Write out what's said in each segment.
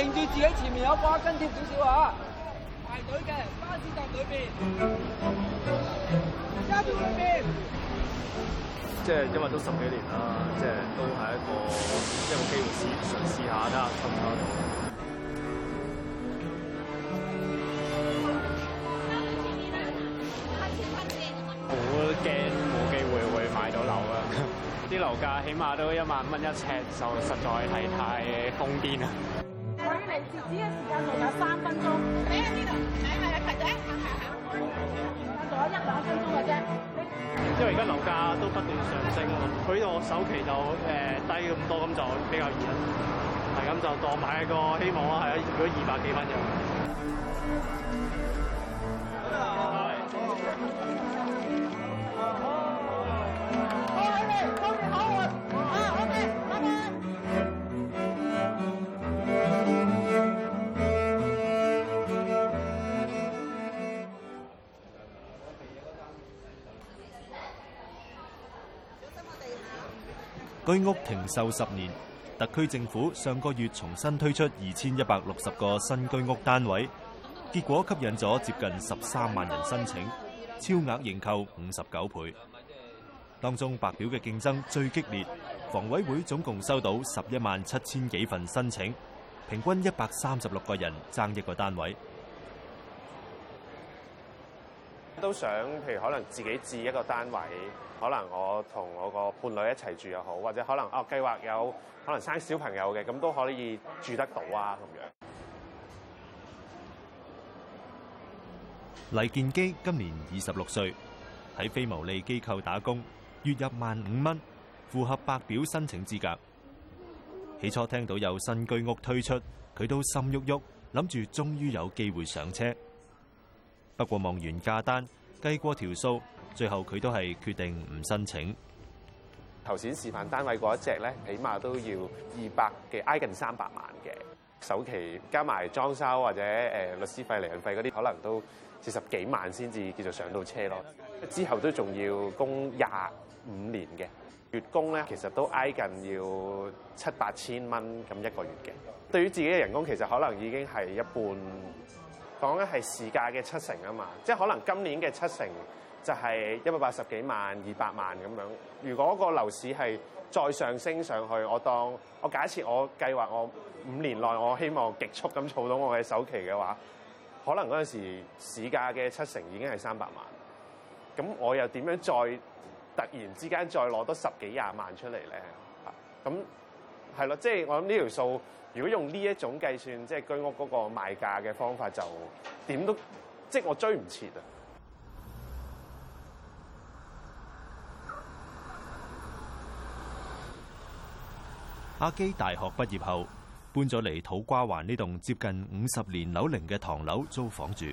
停住自己前面有花跟貼少少啊！排隊嘅巴士站裏面，揸住上面。即係、就是、因為都十幾年啦，即、就、係、是、都係一個即係、就是、機會試嘗試下，啦。咁樣好驚冇機會會買到樓啊！啲 樓價起碼都一萬蚊一尺，就實在係太瘋癲啦！截止嘅時間仲有三分鐘，喺呢度，係啊，芹姐，係啊，係啊，仲有一兩分鐘嘅啫。因為而家樓價都不斷上升啊嘛，佢呢度首期就誒、呃、低咁多，咁就比較易啊。係咁就當買一個希望啦，係啊，如果二百幾萬就。居屋停售十年，特區政府上個月重新推出二千一百六十個新居屋單位，結果吸引咗接近十三萬人申請，超額認購五十九倍。當中白表嘅競爭最激烈，房委會總共收到十一萬七千幾份申請，平均一百三十六個人爭一個單位。都想，譬如可能自己置一個單位，可能我同我個伴侶一齊住又好，或者可能哦計劃有可能生小朋友嘅，咁都可以住得到啊咁樣。黎建基今年二十六歲，喺非牟利機構打工，月入萬五蚊，符合白表申請資格。起初聽到有新居屋推出，佢都心喐喐，諗住終於有機會上車。不過望完價單，計過條數，最後佢都係決定唔申請。頭先示範單位嗰一隻咧，起碼都要二百幾嘅，挨近三百萬嘅首期，加埋裝修或者、呃、律師費、厘印費嗰啲，可能都四十幾萬先至叫做上到車咯。之後都仲要供廿五年嘅月供咧，其實都挨近要七八千蚊咁一個月嘅。對於自己嘅人工，其實可能已經係一半。講緊係市價嘅七成啊嘛，即係可能今年嘅七成就係一百八十幾萬、二百萬咁樣。如果個樓市係再上升上去，我當我假設我計劃我五年內我希望極速咁儲到我嘅首期嘅話，可能嗰陣時市價嘅七成已經係三百萬。咁我又點樣再突然之間再攞多十幾廿萬出嚟咧？啊，咁係咯，即係我諗呢條數。如果用呢一種計算，即係居屋嗰個賣價嘅方法，就點都即係我追唔切啊！阿基大學畢業後搬咗嚟土瓜灣呢棟接近五十年樓齡嘅唐樓租房住。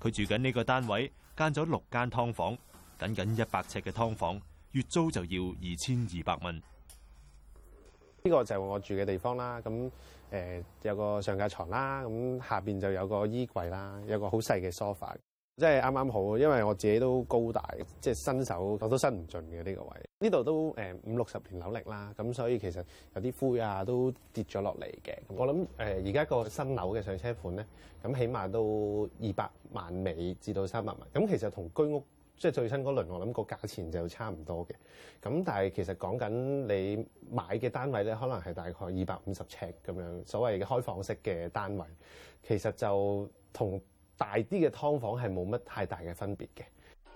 佢住緊呢個單位間咗六間劏房，僅僅一百尺嘅劏房。月租就要二千二百蚊。呢個就係我住嘅地方啦，咁，誒、呃、有個上架床啦，咁下邊就有個衣櫃啦，有個好細嘅 sofa，即係啱啱好，因為我自己都高大，即係伸手我都伸唔盡嘅呢個位置。呢度都誒五六十年樓齡啦，咁所以其實有啲灰啊都跌咗落嚟嘅。我諗誒而家個新樓嘅上車盤，咧，咁起碼都二百萬尾至到三百萬，咁其實同居屋即係最新嗰輪，我諗個價錢就差唔多嘅。咁但係其實講緊你買嘅單位咧，可能係大概二百五十尺咁樣，所謂嘅開放式嘅單位，其實就同大啲嘅劏房係冇乜太大嘅分別嘅。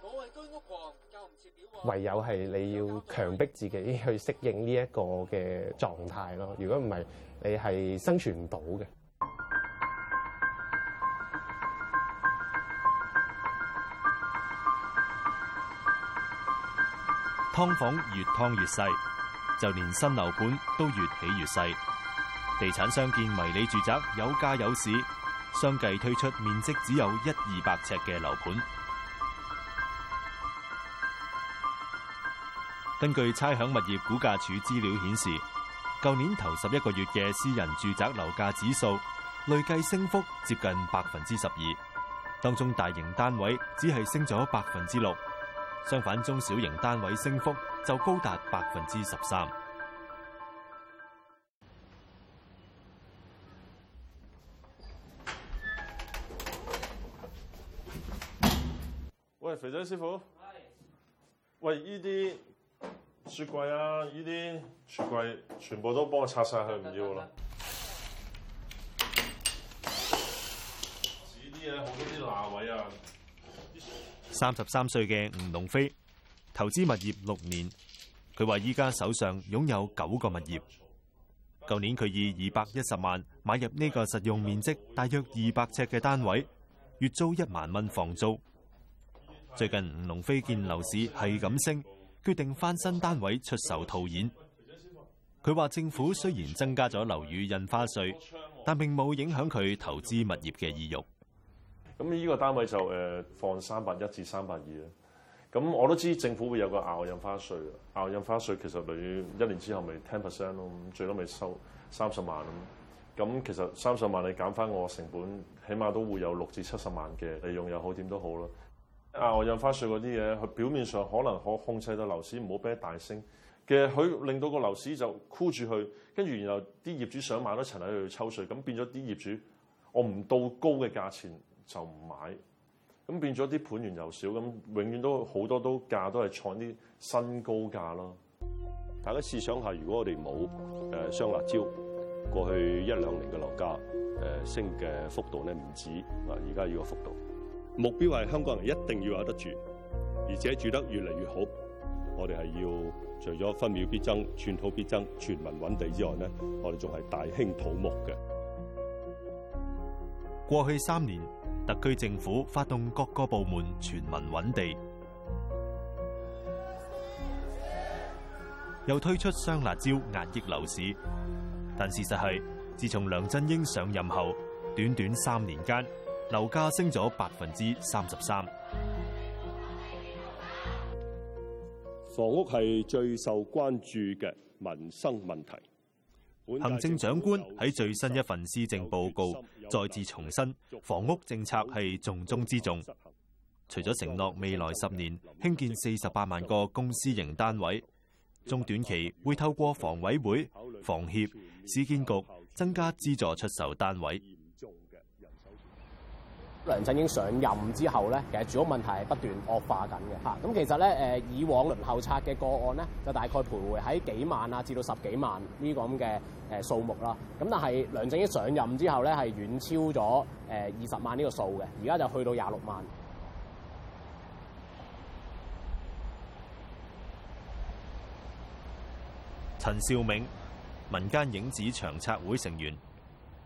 我係居屋狂，教唔切表。唯有係你要強迫自己去適應呢一個嘅狀態咯。如果唔係，你係生存唔到嘅。劏房越劏越細，就連新樓盤都越起越細。地產商建迷你住宅有價有市，相繼推出面積只有一二百尺嘅樓盤。 根據差餉物業估價署資料顯示，舊年頭十一個月嘅私人住宅樓價指數累計升幅接近百分之十二，當中大型單位只係升咗百分之六。相反，中小型單位升幅就高達百分之十三。喂，肥仔師傅，是喂，依啲雪櫃啊，依啲雪櫃，全部都幫我拆晒佢，唔要咯。等等三十三歲嘅吳龍飛投資物業六年，佢話依家手上擁有九個物業。舊年佢以二百一十萬買入呢個實用面積大約二百尺嘅單位，月租一萬蚊房租。最近吳龍飛見樓市係咁升，決定翻新單位出售套現。佢話政府雖然增加咗樓宇印花稅，但並冇影響佢投資物業嘅意欲。咁呢個單位就、呃、放三百一至三百二，咁我都知政府會有個額外印花稅啊。額外印花稅其實你一年之後咪 ten percent 咯，咁最多咪收三十萬咁。咁其實三十萬你減翻我成本，起碼都會有六至七十萬嘅利用又好點都好啦。額外印花稅嗰啲嘢，佢表面上可能可控制到樓市，唔好俾大升。其實佢令到個樓市就箍住佢，跟住然後啲業主想買都陳喺度抽稅，咁變咗啲業主我唔到高嘅價錢。就唔買，咁變咗啲盤源又少，咁永遠都好多都價都係創啲新高價咯。大家試想下，如果我哋冇誒雙辣招，過去一兩年嘅樓價誒、呃、升嘅幅度咧唔止嗱。而家呢個幅度目標係香港人一定要有得住，而且住得越嚟越好。我哋係要除咗分秒必爭、寸土必爭、全民揾地之外咧，我哋仲係大興土木嘅。過去三年。特區政府發動各個部門全民揾地，又推出雙辣椒壓抑樓市，但事實係自從梁振英上任後，短短三年間，樓價升咗百分之三十三。房屋係最受關注嘅民生問題。行政長官喺最新一份施政報告再次重申，房屋政策係重中之重。除咗承諾未來十年興建四十八萬個公私營單位，中短期會透過房委會、房協、市建局增加資助出售單位。梁振英上任之後呢其實主要問題係不斷惡化緊嘅。嚇，咁其實咧誒，以往輪候冊嘅個案呢，就大概徘徊喺幾萬啊至到十幾萬呢個咁嘅誒數目啦。咁但係梁振英上任之後呢，係遠超咗誒二十萬呢個數嘅，而家就去到廿六萬。陳兆明，民間影子長策會成員，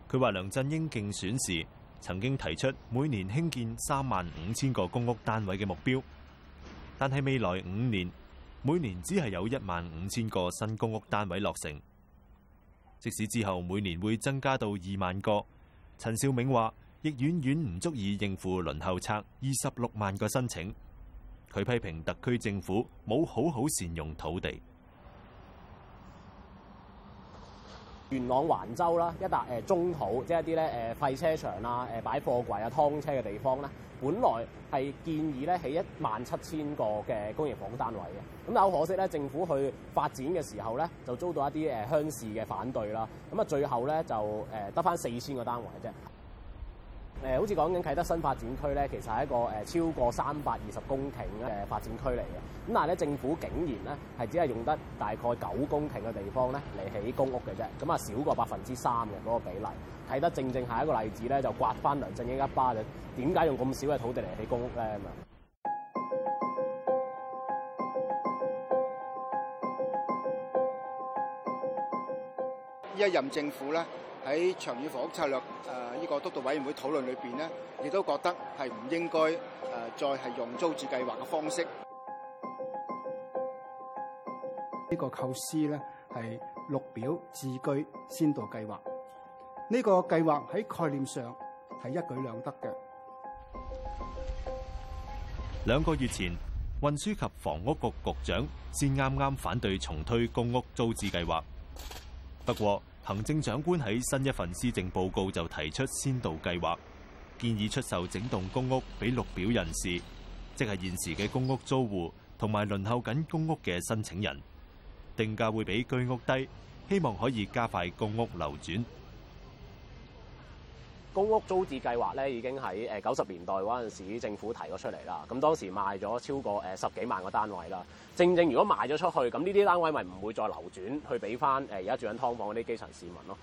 佢話梁振英競選時，曾經提出每年興建三萬五千個公屋單位嘅目標，但係未來五年每年只係有一萬五千個新公屋單位落成。即使之後每年會增加到二萬個，陳少銘話亦遠遠唔足以應付輪候冊二十六萬個申請。佢批評特區政府冇好好善用土地。元朗橫洲啦，一笪中棕土，即係一啲咧誒廢車場啊、擺貨櫃啊、劏車嘅地方咧，本來係建議咧起一萬七千個嘅公營房單位嘅，咁但可惜咧，政府去發展嘅時候咧，就遭到一啲誒鄉事嘅反對啦，咁啊最後咧就得返四千個單位啫。誒，好似講緊啟德新發展區咧，其實係一個超過三百二十公頃嘅發展區嚟嘅。咁但係咧，政府竟然咧係只係用得大概九公頃嘅地方咧嚟起公屋嘅啫。咁啊，少過百分之三嘅嗰個比例，啟德正正下一個例子咧，就刮翻梁振英一巴。就點解用咁少嘅土地嚟起公屋咧？咁嘛，一任政府咧。喺長遠房屋策略誒呢個督導委員會討論裏邊呢，亦都覺得係唔應該誒再係用租置計劃嘅方式。呢個構思呢，係綠表置居先導計劃。呢個計劃喺概念上係一舉兩得嘅。兩個月前，運輸及房屋局局長先啱啱反對重推公屋租置計劃。不過，行政長官喺新一份施政報告就提出先導計劃，建議出售整棟公屋俾綠表人士，即係現時嘅公屋租戶同埋輪候緊公屋嘅申請人，定價會比居屋低，希望可以加快公屋流轉。公屋租置計劃咧已經喺誒九十年代嗰陣時政府提咗出嚟啦，咁當時賣咗超過十幾萬個單位啦。正正如果賣咗出去，咁呢啲單位咪唔會再流轉去俾翻誒而家住緊劏房嗰啲基層市民咯。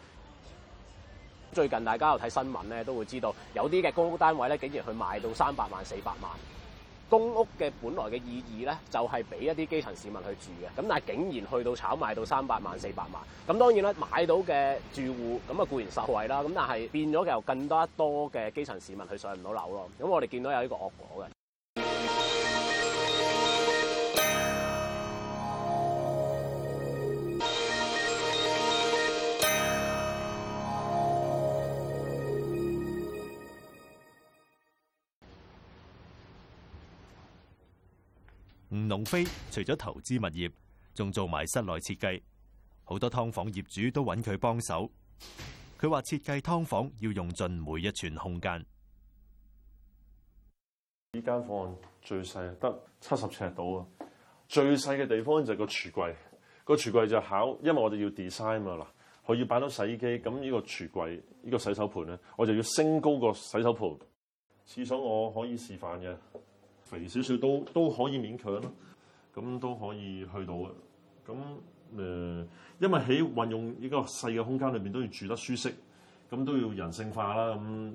最近大家有睇新聞咧，都會知道有啲嘅公屋單位咧，竟然去賣到三百萬四百萬。公屋嘅本來嘅意義咧，就係俾一啲基層市民去住嘅，咁但係竟然去到炒賣到三百萬四百萬，咁當然啦，買到嘅住戶咁啊固然受惠啦，咁但係變咗有更多一多嘅基層市民去上唔到樓咯，咁我哋見到有呢個惡果嘅。吳龍飛除咗投資物業，仲做埋室內設計，好多劏房業主都揾佢幫手。佢話設計劏房要用盡每一寸空間。呢間房最細得七十尺到啊！最細嘅地方就係個櫥櫃，個櫥櫃就考，因為我哋要 design 啊嘛，嗱，我要擺到洗衣機，咁呢個櫥櫃呢、呢個洗手盆咧，我就要升高個洗手盆。廁所我可以示範嘅。肥少少都都可以勉強啦，咁都可以去到嘅。咁誒、呃，因為喺運用呢個細嘅空間裏面都要住得舒適，咁都要人性化啦。咁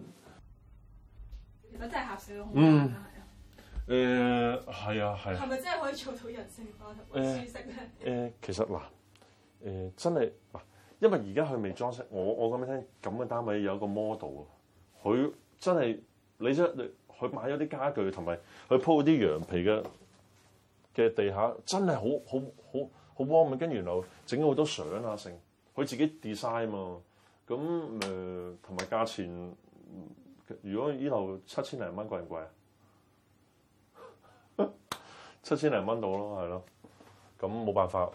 其實真係狹小。嗯，空間嚟啊！誒、呃，係啊，係。係咪真係可以做到人性化同埋舒適咧？誒、呃呃，其實嗱，誒、呃、真係，因為而家佢未裝飾，我我講俾你聽，咁嘅單位有一個 model 喎，佢真係你真你。佢買咗啲家具同埋佢鋪嗰啲羊皮嘅嘅地下，真係好好好好 warm。跟住然後整咗好多相啊，成佢自己 design 嘛。咁誒同埋價錢，如果依度七千零蚊貴唔貴啊？ 七千零蚊到咯，係咯。咁冇辦法。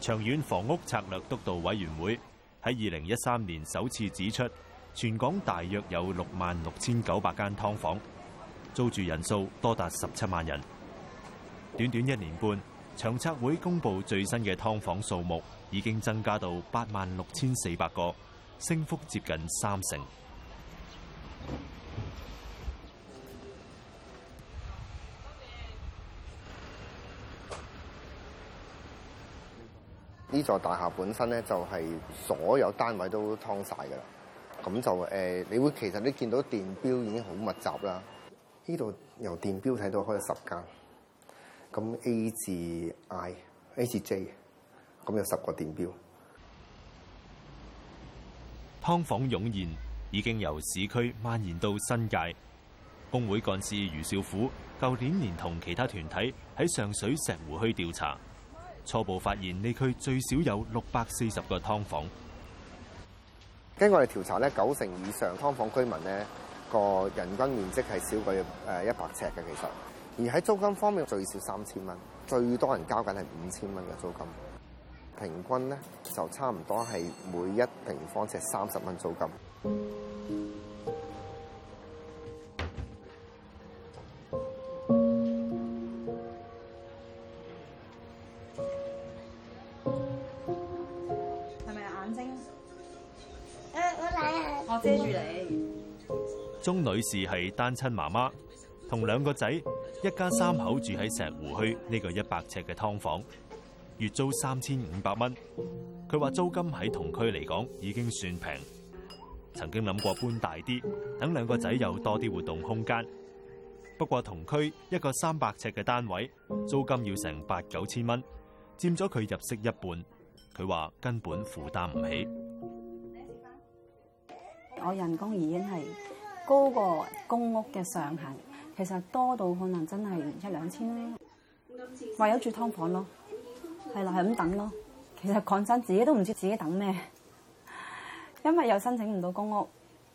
長遠房屋策略督導委員會喺二零一三年首次指出。全港大約有六萬六千九百間劏房，租住人數多達十七萬人。短短一年半，長策會公布最新嘅劏房數目已經增加到八萬六千四百個，升幅接近三成。呢座大廈本身咧，就係所有單位都劏曬㗎喇。咁就誒，你會其實你見到電錶已經好密集啦。呢度由電錶睇到開咗十間，咁 A 至 I、A 至 J，咁有十個電錶。劏房湧現已經由市區蔓延到新界。工會幹事余少虎舊年連同其他團體喺上水石湖墟調查，初步發現呢區最少有六百四十個劏房。根據我哋調查咧，九成以上劏房居民咧，個人均面積係少過一百尺嘅，其實而喺租金方面最少三千蚊，最多人交緊係五千蚊嘅租金，平均咧就差唔多係每一平方尺三十蚊租金。女士係單親媽媽，同兩個仔，一家三口住喺石湖墟呢個一百尺嘅劏房，月租三千五百蚊。佢話租金喺同區嚟講已經算平，曾經諗過搬大啲，等兩個仔有多啲活動空間。不過同區一個三百尺嘅單位，租金要成八九千蚊，佔咗佢入息一半，佢話根本負擔唔起。我人工已經係。高過公屋嘅上限，其實多到可能真係一兩千咧。唯有住劏房咯，係啦，係咁等咯。其實講真，自己都唔知自己等咩，因為又申請唔到公屋，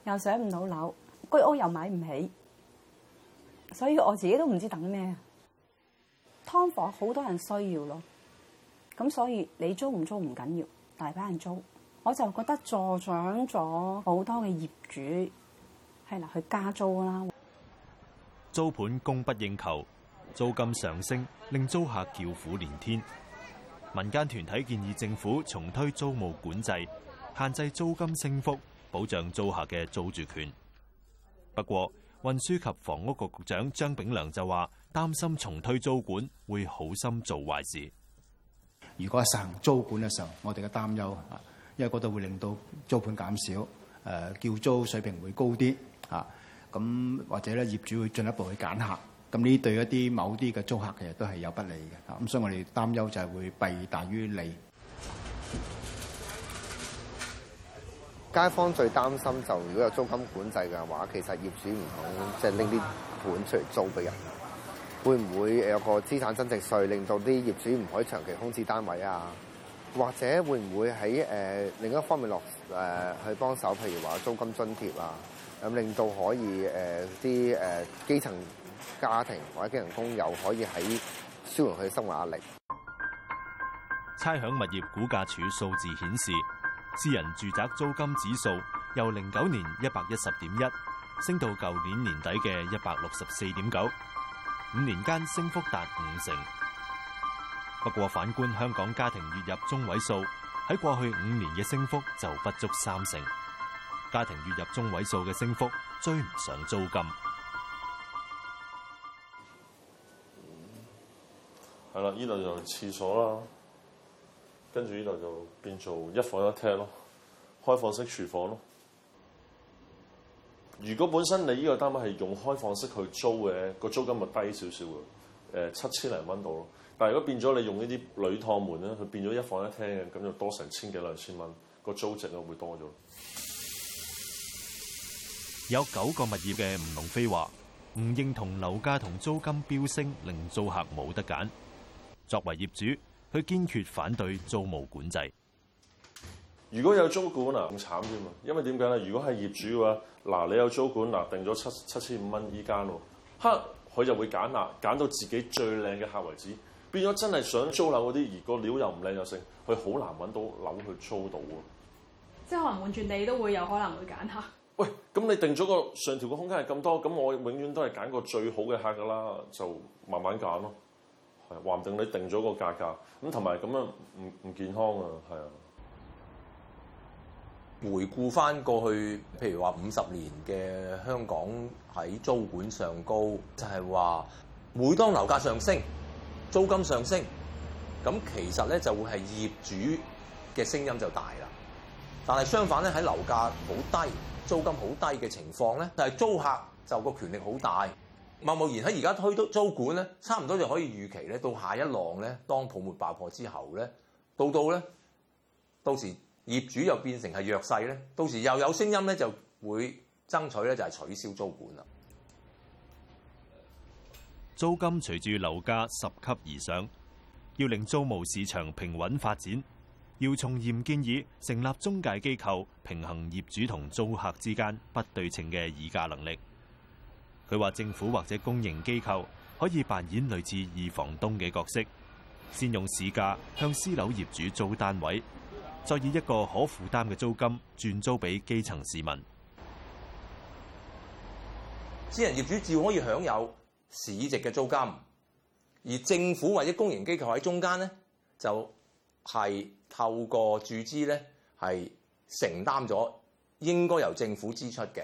又上唔到樓，居屋又買唔起，所以我自己都唔知等咩。劏房好多人需要咯，咁所以你租唔租唔緊要，大把人租。我就覺得助長咗好多嘅業主。係啦，佢加租啦。租盤供不應求，租金上升令租客叫苦連天。民間團體建議政府重推租務管制，限制租金升幅，保障租客嘅租住權。不過，運輸及房屋局局長張炳良就話，擔心重推租管會好心做壞事。如果實行租管嘅時候，我哋嘅擔憂啊，因為覺得會令到租盤減少，誒，叫租水平會高啲。嚇、啊、咁或者咧，業主會進一步去揀客，咁呢對一啲某啲嘅租客其實都係有不利嘅。嚇、啊、咁，所以我哋擔憂就係會弊大於利。街坊最擔心就如果有租金管制嘅話，其實業主唔好即係拎啲盤出嚟租俾人，會唔會有個資產增值稅，令到啲業主唔可以長期空置單位啊？或者會唔會喺誒、呃、另一方面落誒、呃、去幫手，譬如話租金津貼啊？咁令到可以誒啲誒基層家庭或者基層工友可以喺消緩佢生活壓力。差餉物業估價署數字顯示，私人住宅租金指數由零九年一百一十點一升到舊年年底嘅一百六十四點九，五年間升幅達五成。不過反觀香港家庭月入中位數喺過去五年嘅升幅就不足三成。家庭月入中位數嘅升幅追唔上租金，係啦。呢度就廁所啦，跟住呢度就變做一房一廳咯，開放式廚房咯。如果本身你呢個單位係用開放式去租嘅，個租金咪低少少嘅，誒、呃，七千零蚊度咯。但係如果變咗你用呢啲鋁趟門咧，佢變咗一房一廳嘅，咁就多成千幾兩千蚊個租值咯，會多咗。有九個物業嘅吳龍飛話唔認同樓價同租金飆升令租客冇得揀。作為業主，佢堅決反對租務管制。如果有租管嗱，咁慘啫嘛。因為點解咧？如果係業主嘅話，嗱，你有租管嗱，定咗七七千五蚊依間喎，哈，佢就會揀啦，揀到自己最靚嘅客為止。變咗真係想租樓嗰啲，而個料又唔靚又剩，佢好難揾到樓去租到啊。即係可能換轉你都會有可能會揀下。喂，咁你定咗個上調嘅空間係咁多，咁我永遠都係揀個最好嘅客㗎啦，就慢慢揀咯。係，話唔定你定咗個價格咁，同埋咁樣唔唔健康啊。係啊，回顧返過去，譬如話五十年嘅香港喺租管上高，就係話每當樓價上升，租金上升，咁其實咧就會係業主嘅聲音就大啦。但係相反咧，喺樓價好低。租金好低嘅情況咧，但係租客就個權力好大。貿貿然喺而家推多租管咧，差唔多就可以預期咧，到下一浪咧，當泡沫爆破之後咧，到到咧，到時業主又變成係弱勢咧，到時又有聲音咧，就會爭取咧，就係取消租管啦。租金隨住樓價拾級而上，要令租務市場平穩發展。姚松炎建議成立中介機構，平衡業主同租客之間不對稱嘅議價能力。佢話政府或者公營機構可以扮演類似二房東嘅角色，先用市價向私樓業主租單位，再以一個可負擔嘅租金轉租俾基層市民。私人業主照可以享有市值嘅租金，而政府或者公營機構喺中間呢，就。係透過注資咧，係承擔咗應該由政府支出嘅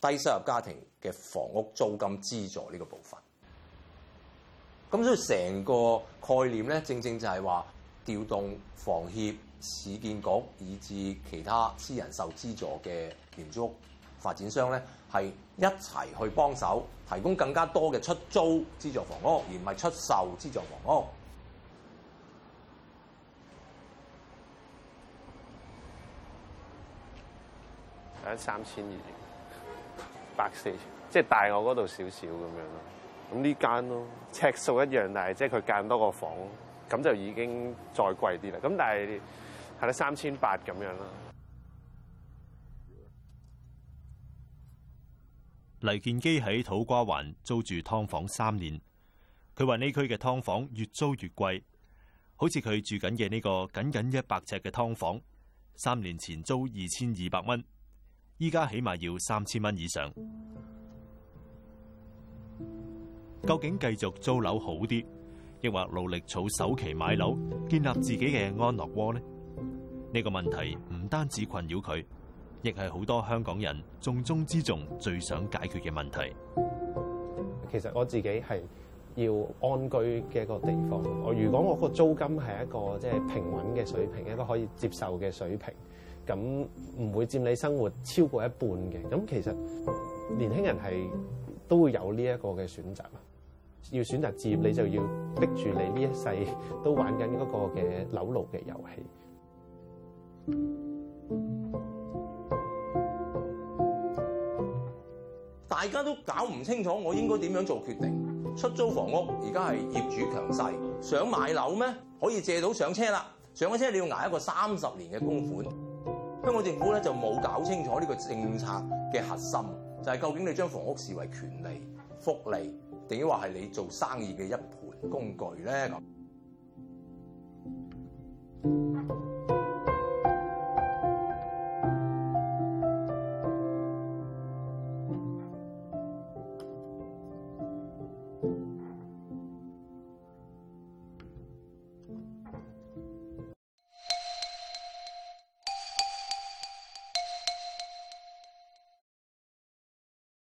低收入家庭嘅房屋租金資助呢個部分。咁所以成個概念咧，正正就係話調動房協、市建局以至其他私人受資助嘅廉租屋發展商咧，係一齊去幫手提供更加多嘅出租資助房屋，而唔係出售資助房屋。喺三千二百四，即係大我嗰度少少咁樣咯。咁呢間咯，尺數一樣，但係即係佢間多個房，咁就已經再貴啲啦。咁但係係啦，三千八咁樣啦。黎建基喺土瓜灣租住劏房三年，佢話呢區嘅㓥房越租越貴，好似佢住緊嘅呢個，僅僅一百尺嘅劏房，三年前租二千二百蚊。依家起碼要三千蚊以上，究竟繼續租樓好啲，亦或努力儲首期買樓，建立自己嘅安樂窩呢？呢個問題唔單止困擾佢，亦係好多香港人重中之重最想解決嘅問題。其實我自己係要安居嘅一個地方，我如果我個租金係一個即係平穩嘅水平，一個可以接受嘅水平，咁唔會佔你生活超過一半嘅。咁其實年輕人係都會有呢一個嘅選擇啦。要選擇置業，你就要逼住你呢一世都玩緊嗰個嘅樓路嘅遊戲。大家都搞唔清楚我應該點樣做決定。出租房屋而家係業主強勢，想買樓咩？可以借到上車啦，上咗車你要挨一個三十年嘅供款。香港政府咧，就冇搞清楚呢個政策嘅核心，就係究竟你將房屋視為權利、福利，定抑或係你做生意嘅一盤工具咧？